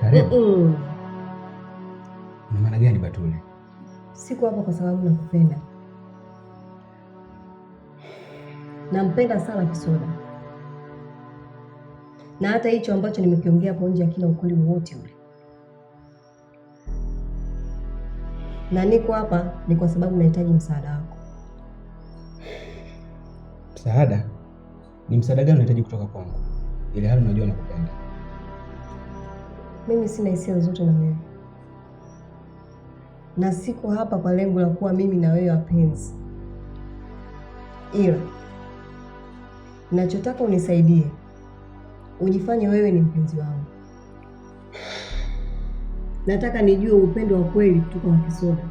Karibu. Mm -mm. Na maana gani Batuli? Siko hapo kwa sababu nakupenda, nampenda sana Kisoda, na hata hicho ambacho nimekiongea hapo nje akina ukweli wowote ule, na niko hapa ni kwa sababu nahitaji msaada wako. Msaada? Ni msaada gani unahitaji kutoka kwangu, ili hali unajua nakupenda? Mimi sina hisia zote na wewe, na siko hapa kwa lengo la kuwa mimi na wewe wapenzi, ila nachotaka unisaidie ujifanye wewe ni mpenzi wangu. Nataka nijue upendo wa kweli kutoka kwa Kisoda,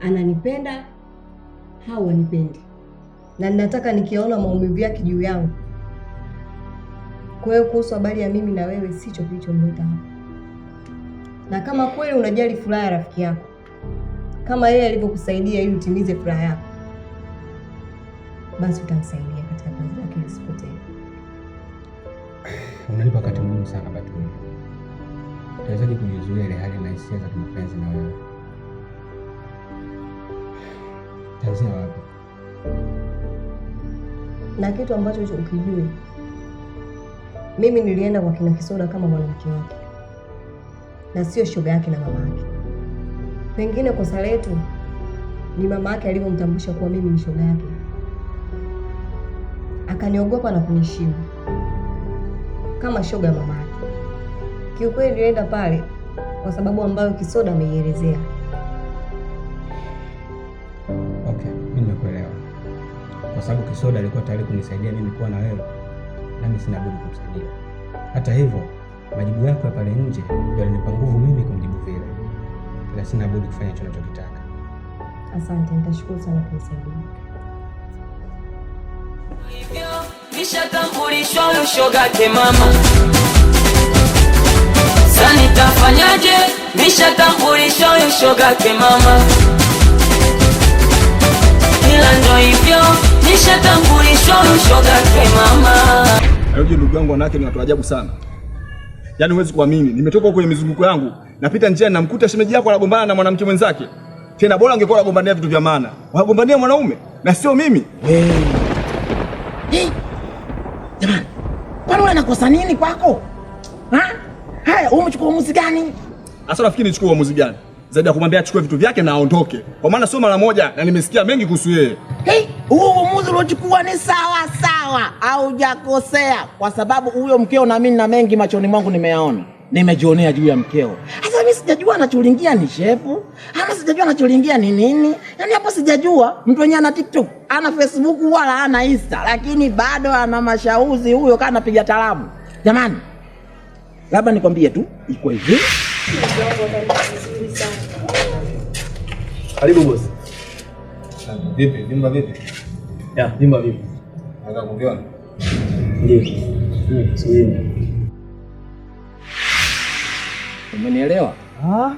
ananipenda au hanipendi, na ninataka nikiona maumivu yake juu yangu kwa hiyo kuhusu habari ya mimi na wewe sicho kilichomleta hapa, na kama kweli unajali furaha ya rafiki yako kama yeye alivyokusaidia ili utimize furaha yako, basi utamsaidia katika kazi yake isipotee. Unanipa wakati mgumu sana Batuni. Utawezaje kujizuia ile hali na hisia za kimapenzi na wewe? Taanzia wapi? Na kitu ambacho ukijui mimi nilienda kwa kina Kisoda kama mwanamke wake na sio shoga yake na mama yake. Pengine kosa letu ni mama yake alivyomtambulisha kuwa mimi ni shoga yake, akaniogopa na kunishima kama shoga mama yake. Kiukweli nilienda pale kwa sababu ambayo Kisoda ameielezea. Okay, mimi nimekuelewa, kwa sababu Kisoda alikuwa tayari kunisaidia mimi kuwa na wewe nami sina budi kumsaidia. Hata hivyo, majibu yako ya pale nje ndio alinipa nguvu mimi kumjibu vile, ila sina budi kufanya hicho nachokitaka. Asante, nitashukuru sana kumsaidia. nishatambulishwa ushogake mama, sasa nitafanyaje? Nishatambulishwa ushogake mama ila ndo hivyo nishatambulishwa ushogake mama Unajua ndugu yangu, wanawake ni watu ajabu sana. Yaani huwezi kuamini, nimetoka kwenye mizunguko yangu, napita njiani namkuta shemeji yako anagombana na mwanamke mwenzake. Tena bora angekuwa anagombania vitu vya maana, wanagombania mwanaume na sio mimi. Hey. Hey. Jamani, kwani wewe nakosa nini kwako? Ha? Haya, wewe umechukua uamuzi gani? Sasa nafikiri nichukue uamuzi gani zaidi ya kumwambia achukue vitu vyake na aondoke, kwa maana sio mara moja, na nimesikia mengi kuhusu yeye. Hey, huo uamuzi uliochukua ni sawa sawa sawa, haujakosea, kwa sababu huyo mkeo na mimi na mengi machoni mwangu nimeyaona, nimejionea juu ya mkeo. Sasa mimi sijajua anachulingia ni shepu ama sijajua anachulingia ni nini, yaani hapo sijajua. Mtu wenyewe ana TikTok ana Facebook wala ana Insta, lakini bado ana mashauzi huyo, kana anapiga talabu. Jamani, labda nikwambie tu iko hivi. Karibu bosi. Vipi? Jumba vipi? Ya, jumba vipi? Unaweza kuviona? Ndio. Hmm, Umenielewa? Ah?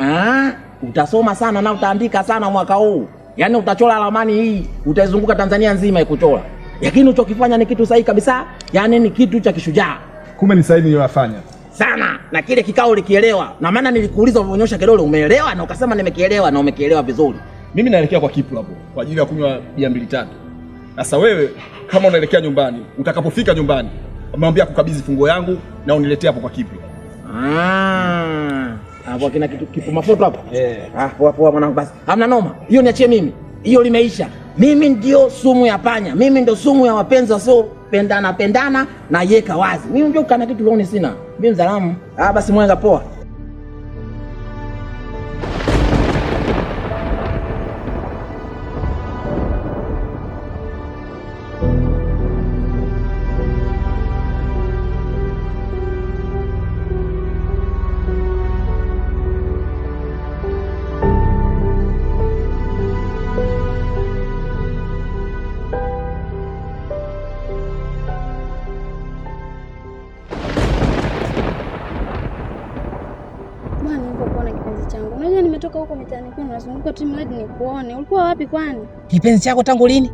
Ah, utasoma sana na utaandika sana mwaka huu. Yaani utachora ramani hii, utaizunguka Tanzania nzima ikuchora. Lakini uchokifanya ni kitu sahihi kabisa, yaani ni kitu cha kishujaa. Kumbe ni sahihi niliyofanya sana na kile kikao ulikielewa, na maana nilikuuliza ulionyosha kidole, umeelewa na ukasema nimekielewa, na umekielewa vizuri. Mimi naelekea kwa Kipu hapo kwa ajili ya kunywa bia mbili tatu. Sasa wewe kama unaelekea nyumbani, utakapofika nyumbani, umeambia kukabidhi funguo yangu na uniletee hapo kwa kipi. Ah, hapo kina kitu kipo mafuta hapo. Eh. Ah, poa poa mwanangu, basi hamna noma, hiyo niachie mimi, hiyo limeisha. Mimi ndio sumu ya panya, mimi ndio sumu ya wapenzi wasiopendana pendana na yeka wazi. Mimi ndio kana kitu leo sina mimi mzalamu. Ah, basi mwanga poa. kutoka huko mitaani kwenu, unazunguka tu mradi nikuone. Ulikuwa wapi kwani? Kipenzi chako tangu lini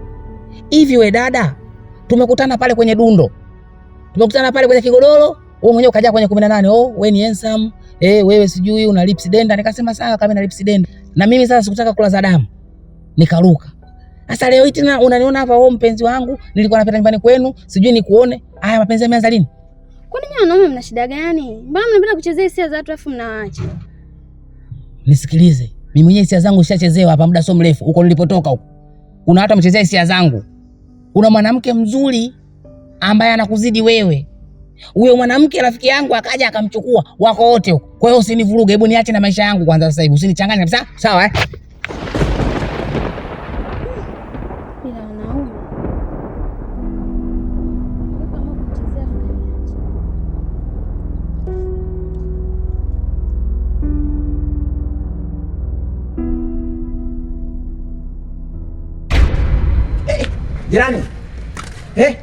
hivi? We dada, tumekutana pale kwenye dundo, tumekutana pale kwenye kigodoro, wewe mwenyewe ukaja kwenye 18. Oh, wewe ni handsome eh, wewe sijui una lips denda. Nikasema sawa, kama ina lips denda na mimi sasa sikutaka kula za damu, nikaruka. Sasa leo hii tena unaniona hapa wewe, oh, mpenzi wangu, nilikuwa napenda nyumbani kwenu, sijui nikuone. Haya mapenzi yameanza lini? Kwa nini wanaume mna shida gani? Mbona mnapenda kuchezea hisia za watu afu mnawaacha? nisikilize mimi mwenyewe hisia zangu zishachezewa hapa muda sio mrefu, huko nilipotoka huko. Kuna watu wamechezea hisia zangu. Kuna mwanamke mzuri ambaye anakuzidi wewe. Huyo mwanamke rafiki yangu akaja akamchukua, wako wote huko. Kwa hiyo usinivuruge, hebu niache na maisha yangu kwanza sasa hivi. Usinichanganye kabisa. Sawa eh? Jirani. Eh?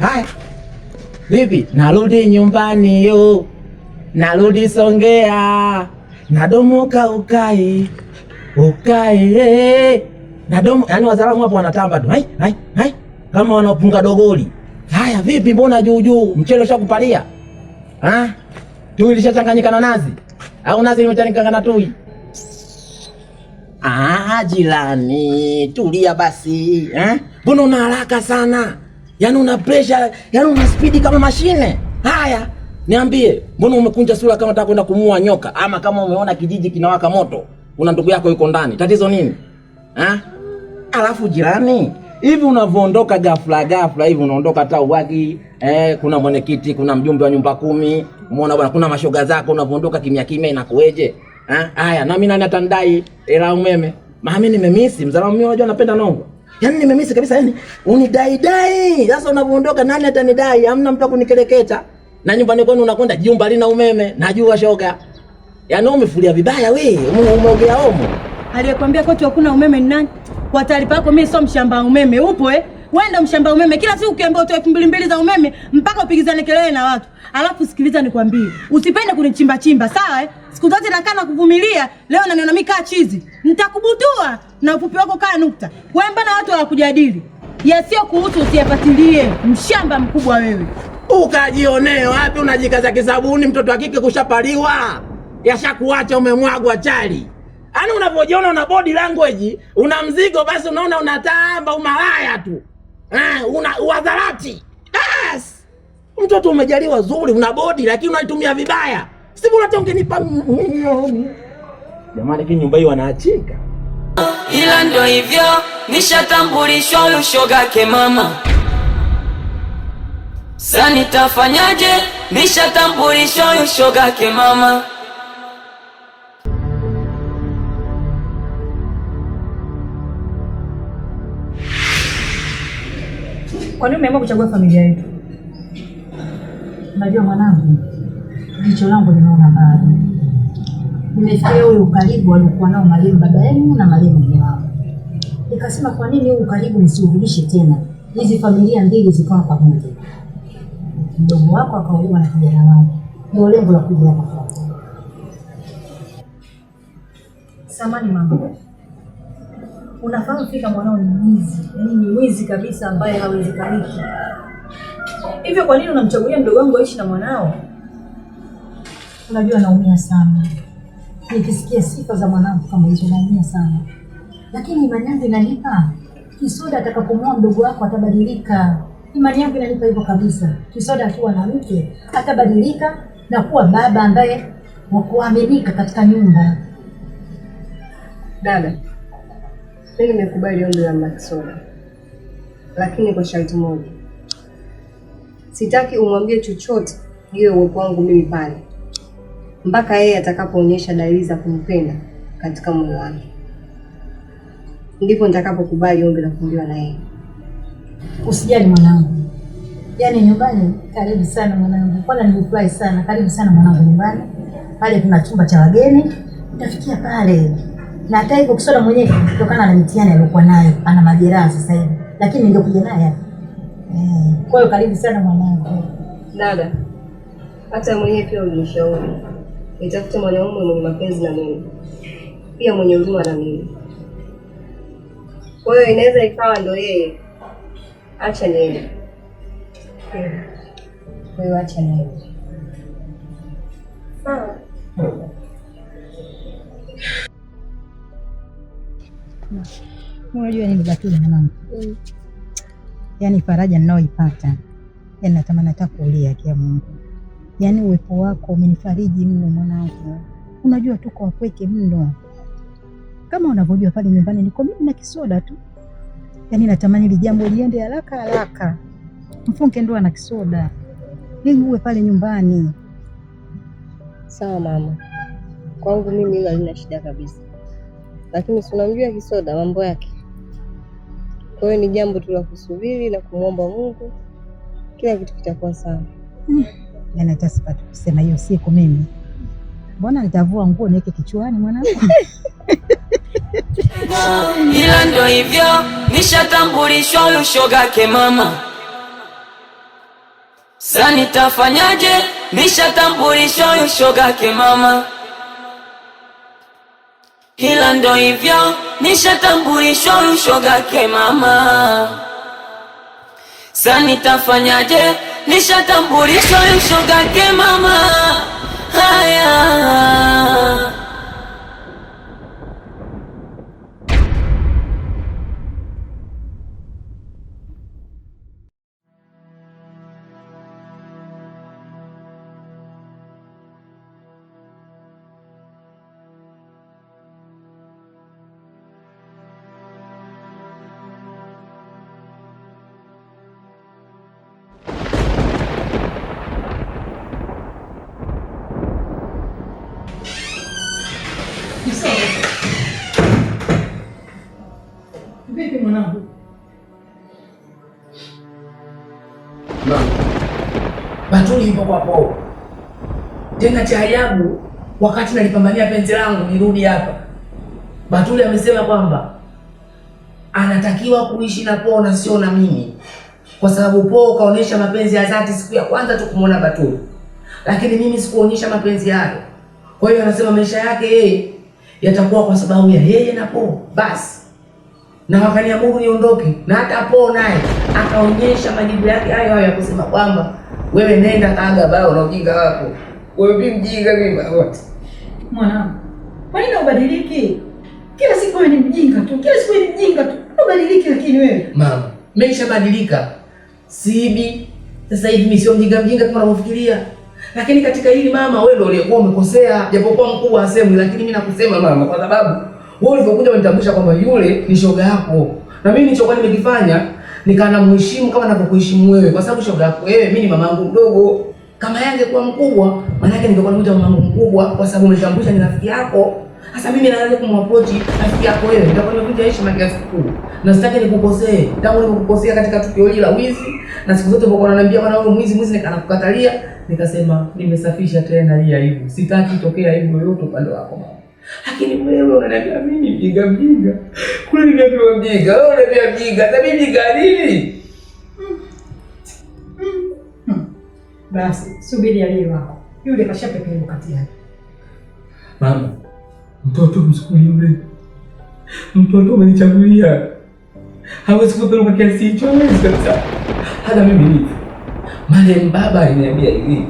Haya. Vipi? Narudi nyumbani yo. Narudi Songea. Nadomoka ukai. Ukai. Eh. eh, eh. Nadomo, yani wazalamu hapo wanatamba tu. Hai, hai, hai. Kama wanapunga dogoli. Haya, vipi mbona juu juu? Mchele ushakupalia? ha? Tui ilishachanganyika na nazi. Au nazi imechanganyika na tui? Ah, jirani, tulia basi, eh? Mbona una haraka sana? Yaani una pressure, yaani una speed kama mashine. Haya, niambie, mbona umekunja sura kama unataka kwenda kumua nyoka ama kama umeona kijiji kinawaka moto? Una ndugu yako yuko ndani. Tatizo nini? Ha? Alafu jirani, hivi unavyoondoka ghafla ghafla hivi unaondoka hata uwagi, eh, kuna mwenyekiti, kuna mjumbe wa nyumba kumi. Umeona bwana, kuna mashoga zako unavyoondoka kimya kimya inakuweje? Ha? Haya, na mimi nani atandai hela umeme? Mimi nimemisi, mzalamu mimi unajua napenda nongo. Yaani nimemisi kabisa yani unidai dai. Sasa unapoondoka nani atanidai? Hamna mtu akunikeleketa. Na nyumbani kwenu unakwenda jumba lina umeme, najua shoga. Yaani umefulia vibaya we, umeongea homo. Aliyekwambia kwetu hakuna umeme ni nani? Kwa taarifa yako mimi sio mshamba umeme. Upo eh? Wewe ndio mshamba umeme. Kila siku ukiambia utoe elfu za umeme mpaka upigizane kelele na watu. Alafu sikiliza nikwambie, usipende kunichimba chimba, sawa eh? siku zote nakaa na kuvumilia, leo naniona mimi kaa chizi, nitakubutua na ufupi wako kaa nukta. Wewe mbona watu hawakujadili yasiyo kuhusu usiyapatilie, mshamba mkubwa wewe. Ukajionee wapi? Unajikaza kisabuni, mtoto wa kike kushapaliwa, yashakuacha umemwagwa chali. Yaani unapojiona una body language, una mzigo basi, unaona unatamba umalaya tu eh, una uadharati. Yes. Mtoto umejaliwa zuri, una body lakini unaitumia vibaya si bora hata ungenipa milioni jamani, lakini nyumba hii wanaachika. Ila ndo hivyo, nishatambulishwa ushogake mama, sasa nitafanyaje? Nishatambulishwa ushogake mama Kwani umeamua kuchagua familia yetu? Unajua mwanangu jicho langu linaona mbali. Nimefikiria huyo ukaribu aliokuwa nao marehemu baba yenu na marehemu mume wao, nikasema kwa nini huu ukaribu nisiurudishe tena, hizi familia mbili zikawa pamoja. Mdogo wako akaolewa na kijana wangu, ndio lengo la kuja hapa kwako. Samani Mama, unafahamu fika mwanao ni mwizi, yaani ni mwizi kabisa ambaye hawezekaniki. Hivyo kwa nini unamchagulia mdogo wangu aishi na mwanao? Unajua naumia sana nikisikia sifa za mwanangu kama hizo, naumia sana lakini imani yangu inanipa Kisoda atakapomwoa mdogo wako atabadilika. Imani yangu inanipa hivyo kabisa. Kisoda akiwa na mke atabadilika na kuwa baba ambaye wa kuaminika katika nyumba. Dada, mimi nimekubali ombi la mama Kisoda, lakini kwa sharti moja, sitaki umwambie chochote juu ya uwepo wangu mimi pale mpaka yeye atakapoonyesha dalili za kumpenda katika moyo wake, ndipo nitakapokubali ombi la kuolewa na yeye. Usijali mwanangu, yaani nyumbani. Karibu sana mwanangu, kwana nimefurahi sana. Karibu sana mwanangu nyumbani. Pale kuna chumba cha wageni, nitafikia pale na hata hivyo Kisoda mwenyewe kutokana na mitihani aliyokuwa nayo, ana majeraha sasa hivi, lakini ningekuja naye. Eh, kwa hiyo karibu sana mwanangu. Dada, hata mwenyewe pia ulinishauri nitafute mwanaume mwenye mapenzi na mimi pia mwenye huruma na mimi. Kwa hiyo inaweza ikawa ndo yeye. Acha niende. Kwa hiyo acha niende. Sawa. Unajua nimebakiwa na mama. Mm. Yaani faraja ninayoipata, yaani natamani hata kulia kia Mungu Yaani uwepo wako umenifariji mno mwanangu. Unajua tuko wapweke mno, kama unavyojua pale nyumbani niko mimi na kisoda tu. Yaani natamani ili jambo liende haraka haraka, mfunge ndoa na kisoda ili uwe pale nyumbani. Sawa mama, kwangu mimi hilo halina shida kabisa, lakini si unamjua kisoda mambo yake. Kwa hiyo ni jambo tu la kusubiri na kumwomba Mungu, kila kitu kitakuwa sawa. Mm. Yani kusema hiyo siku mimi, mbona nitavua nguo niweke kichwani mwanangu? Ila ndo hivyo, nishatambulishwa ushogake mama, sa nitafanyaje? Nishatambulishwa ushogake mama, ila ndo hivyo, nishatambulishwa yake mama, sa nitafanyaje? nishatambulishwa ushoga ke mama haya hivyo kwa poa. Tena cha ajabu, wakati nalipambania penzi langu nirudi hapa, Batuli amesema kwamba anatakiwa kuishi na Poo na sio na mimi, kwa sababu Poo kaonyesha mapenzi ya dhati siku ya kwanza tu kumwona Batuli, lakini mimi sikuonyesha mapenzi hayo. Kwa hiyo anasema maisha yake yeye yatakuwa kwa sababu ya yeye na Poo basi, na wakaniamuru niondoke, na hata Poo naye akaonyesha majibu yake hayo hayo ya kusema kwamba wewe nenda aga bao na ujinga wako. Wewe bi mjinga mimi wote. Mwanangu, kwa nini ubadiliki? Kila siku wewe ni mjinga tu. Kila siku wewe ni mjinga tu. Ubadiliki lakini wewe. Mama, maisha badilika. Sibi. Sasa hivi mimi sio mjinga mjinga kama unavyofikiria. Lakini katika hili mama, wewe ndio uliyekuwa umekosea. Japokuwa mkubwa hasemwi, lakini mimi nakusema mama kwa sababu wewe ulivyokuja unitambusha kwamba yule ni shoga yako. Na mimi nilichokuwa nimekifanya nikawa namheshimu kama ninavyokuheshimu wewe, kwa sababu shoga yako wewe, mimi ni mamangu mdogo. Kama yeye angekuwa mkubwa, maana yake ningekuwa namuita mamangu mkubwa, kwa sababu umeshambulisha ni rafiki yako. Sasa mimi naanza kumapproach rafiki yako wewe, ndio kwani kuja heshima kiasi siku, Na sitaki nikukosee. Tangu nikukosea katika tukio hili la wizi, na siku zote ulipokuwa unaniambia bwana wewe mwizi mwizi, nikanakukatalia, nikasema nimesafisha tena hii aibu. Sitaki tokea aibu yoyote upande wako mama. Lakini wewe unaniambia mimi mjinga mjinga. Kule nimeambiwa mjinga, wewe unaniambia mjinga. Na mimi mjinga nini? Basi subiri aliye wako. Yule kasha kashapepea kati yake. Mama, mtoto msukuli yule. Mtoto umenichagulia. Hawezi kupeleka kiasi hicho, hawezi kabisa. Hata mimi nipo. Male mbaba aliniambia hivi.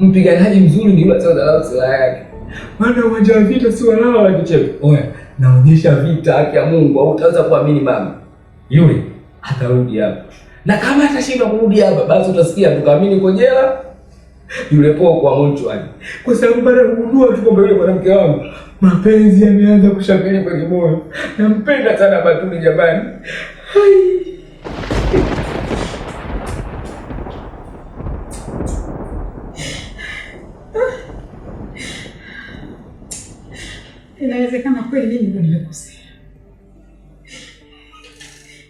Mpiganaji mzuri ni yule atakayedharau silaha yake. Bado uwanja wa vita si walawa la kicheko. Oya, naonyesha vita haki ya Mungu au utaanza kuamini mama. Yule atarudi hapa. Na kama atashindwa kurudi hapa basi utasikia tukaamini uko jela. Yule poa kwa mchwani. Kwa sababu baada ya kugundua tu kwamba yule mwanamke wangu mapenzi yameanza kushakeni kwenye moyo. Nampenda sana batuli jamani. Hai. inawezekana kweli mimi ndo nimekosea.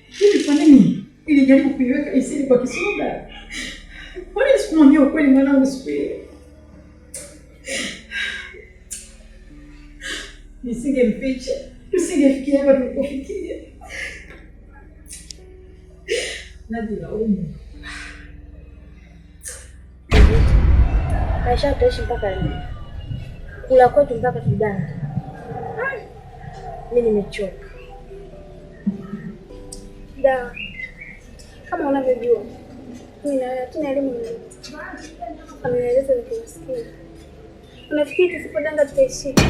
Hivi kwa nini ilijaribu kuiweka isili kwa kisoda? Kwa nini sikumwambia ukweli mwanangu siku ile? Nisinge mpicha, tusingefikia hapa tulipofikia. Najilaumu. Maisha tutaishi mpaka lini? Kula kwetu mpaka tujana mimi nimechoka da. Kama unavyojua mimi na wewe hatuna elimu ameleleza za kimaskini. Unafikiri tusipodanga tutaishika?